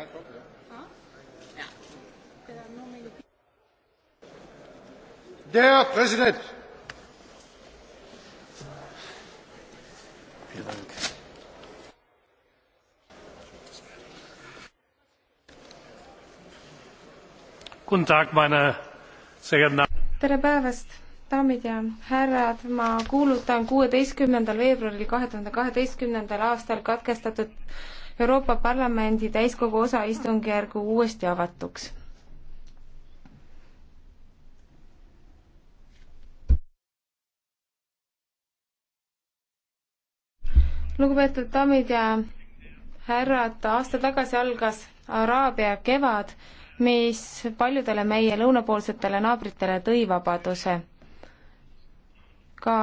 Fa proprio? Ah? Ja. There are no many Der Präsident! Vielen Dank. Guten Tag, meine sehr geehrten Damen. tere päevast, daamid ja härrad, ma kuulutan kuueteistkümnendal veebruaril kahe tuhande kaheteistkümnendal aastal katkestatud Euroopa Parlamendi täiskogu osa istungjärgu uuesti avatuks. lugupeetud daamid ja härrad, aasta tagasi algas Araabia kevad, mis paljudele meie lõunapoolsetele naabritele tõi vabaduse. ka